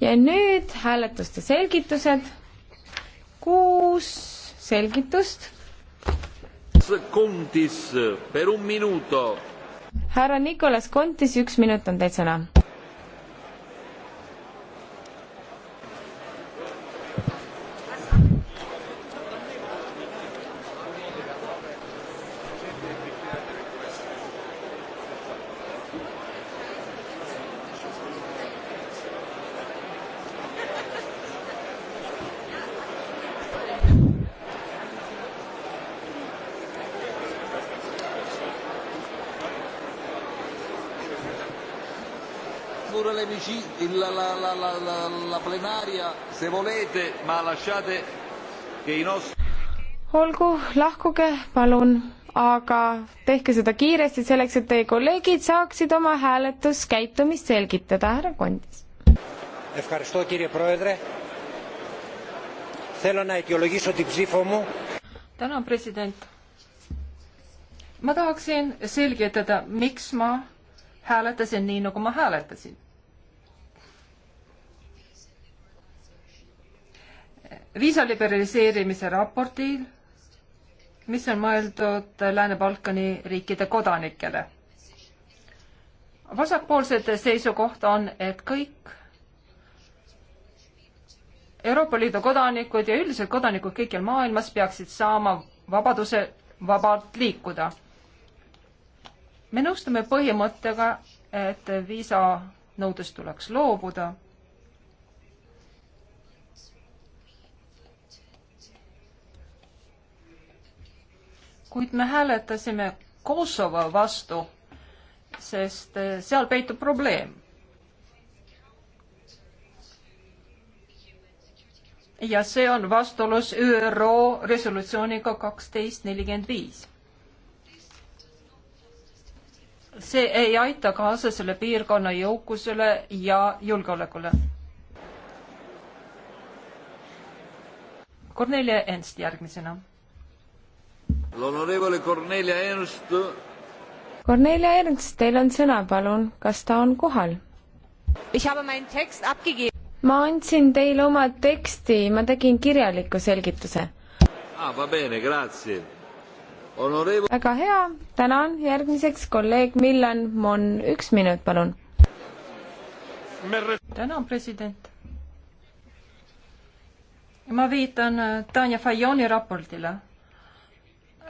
ja nüüd hääletuste selgitused. kuus selgitust. härra Nikolas Kontis, üks minut on teil sõna olgu, lahkuge palun, aga tehke seda kiiresti selleks, et teie kolleegid saaksid oma hääletuskäitumist selgitada, härra Kondis. tänan, president ma tahaksin selgitada, miks ma hääletasin nii, nagu ma hääletasin. viisaliberaliseerimise raportil, mis on mõeldud Lääne-Balkani riikide kodanikele. vasakpoolsete seisukoht on, et kõik Euroopa Liidu kodanikud ja üldiselt kodanikud kõikjal maailmas peaksid saama vabaduse vabalt liikuda. me nõustume põhimõttega, et viisanõudest tuleks loobuda kuid me hääletasime Kosovo vastu, sest eh, seal peitub probleem. ja see on vastuolus ÜRO resolutsiooniga kaksteist nelikümmend viis. see ei aita kaasa selle piirkonna jõukusele ja julgeolekule Kornelia Enst järgmisena Cornelia Ernst. Cornelia Ernst, teil on sõna, palun, kas ta on kohal? ma andsin teile oma teksti, ma tegin kirjaliku selgituse ah,. Honorable... väga hea, tänan, järgmiseks kolleeg Millan Mon, üks minut, palun. tänan, president ma viitan äh, Tanja Fajoni raportile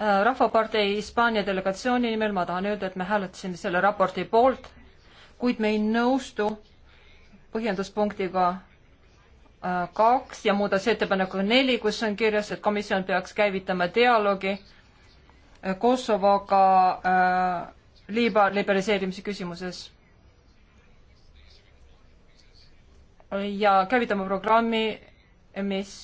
Äh, rahvapartei Hispaania delegatsiooni nimel ma tahan öelda, et me hääletasime selle raporti poolt, kuid me ei nõustu põhjenduspunktiga äh, kaks ja muudatusettepanekuga neli, kus on kirjas, et komisjon peaks käivitama dialoogi äh, Kosovoga äh, liiba liberaliseerimise küsimuses. ja käivitama programmi, mis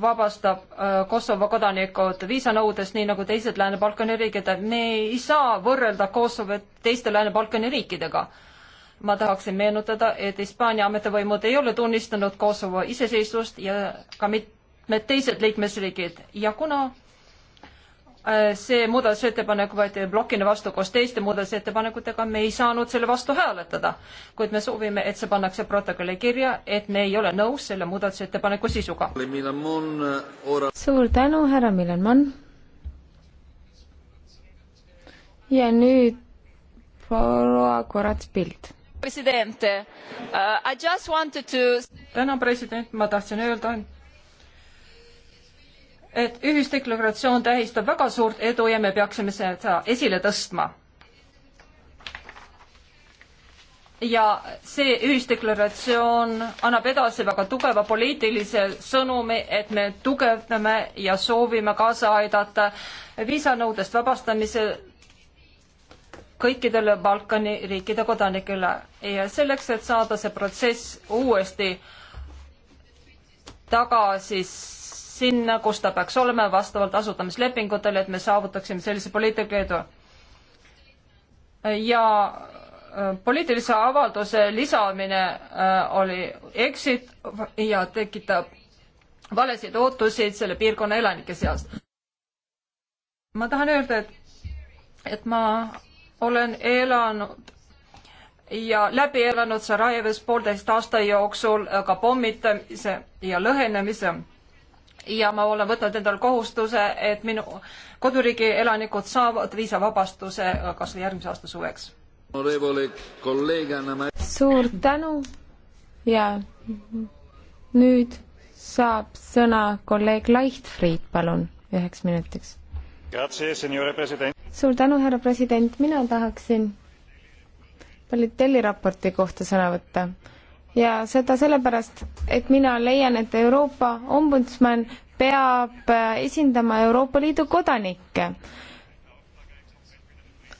vabastab äh, Kosovo kodanikud viisanõudest, nii nagu teised Lääne-Balkani riigid, et me ei saa võrrelda Kosovot teiste Lääne-Balkani riikidega. ma tahaksin meenutada, et Hispaania ametivõimud ei ole tunnistanud Kosovo iseseisvust ja ka mitmed teised liikmesriigid ja kuna Äh, see muudatusettepanek võeti plokina vastu koos teiste muudatusettepanekutega, me ei saanud selle vastu hääletada, kuid me soovime, et see pannakse protokolli kirja, et me ei ole nõus selle muudatusettepaneku sisuga. suur tänu, härra Milenmann. ja nüüd proua Koratz-Pilt. president uh,, I just wanted to. tänan, president, ma tahtsin öelda et ühisdeklaratsioon tähistab väga suurt edu ja me peaksime seda esile tõstma. ja see ühisdeklaratsioon annab edasi väga tugeva poliitilise sõnumi, et me tugevdame ja soovime kaasa aidata viisanõudest vabastamise kõikidele Balkani riikide kodanikele ja selleks, et saada see protsess uuesti tagasi sinna, kus ta peaks olema vastavalt asutamislepingutele, et me saavutaksime sellise poliitika edu. ja äh, poliitilise avalduse lisamine äh, oli exit ja tekitab valesid ootusi selle piirkonna elanike seas. ma tahan öelda, et, et ma olen elanud ja läbi elanud Sarajevis poolteist aasta jooksul ka pommitamise ja lõhenemise ja ma olen võtnud endale kohustuse, et minu koduriigi elanikud saavad viisavabastuse kas või järgmise aasta suveks. suur tänu ja nüüd saab sõna kolleeg Leichtfried, palun, üheks minutiks. suur tänu, härra president, mina tahaksin Paliteli raporti kohta sõna võtta ja seda sellepärast, et mina leian, et Euroopa ombudsman peab äh, esindama Euroopa Liidu kodanikke.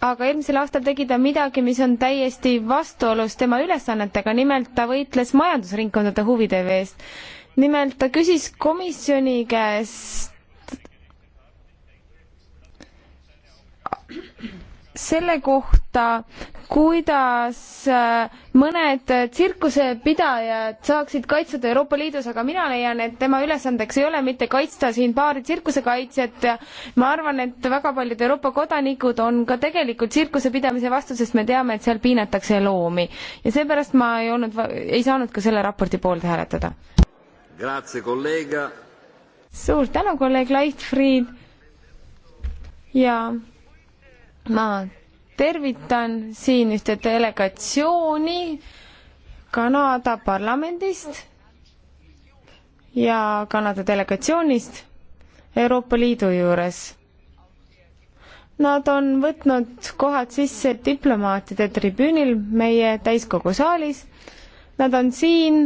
aga eelmisel aastal tegi ta midagi, mis on täiesti vastuolus tema ülesannetega, nimelt ta võitles majandusringkondade huvide eest. nimelt ta küsis komisjoni käest selle kohta, kuidas äh, mõned tsirkusepidajad saaksid kaitstud Euroopa Liidus, aga mina leian, et tema ülesandeks ei ole mitte kaitsta siin paari tsirkusekaitsjat. ma arvan, et väga paljud Euroopa kodanikud on ka tegelikult tsirkusepidamise vastu, sest me teame, et seal piinatakse loomi ja seepärast ma ei olnud, ei saanud ka selle raporti poolt hääletada. suur tänu, kolleeg Leichtfried ja ma tervitan siin ühte delegatsiooni Kanada parlamendist ja Kanada delegatsioonist Euroopa Liidu juures. Nad on võtnud kohad sisse diplomaatide tribüünil meie täiskogu saalis. Nad on siin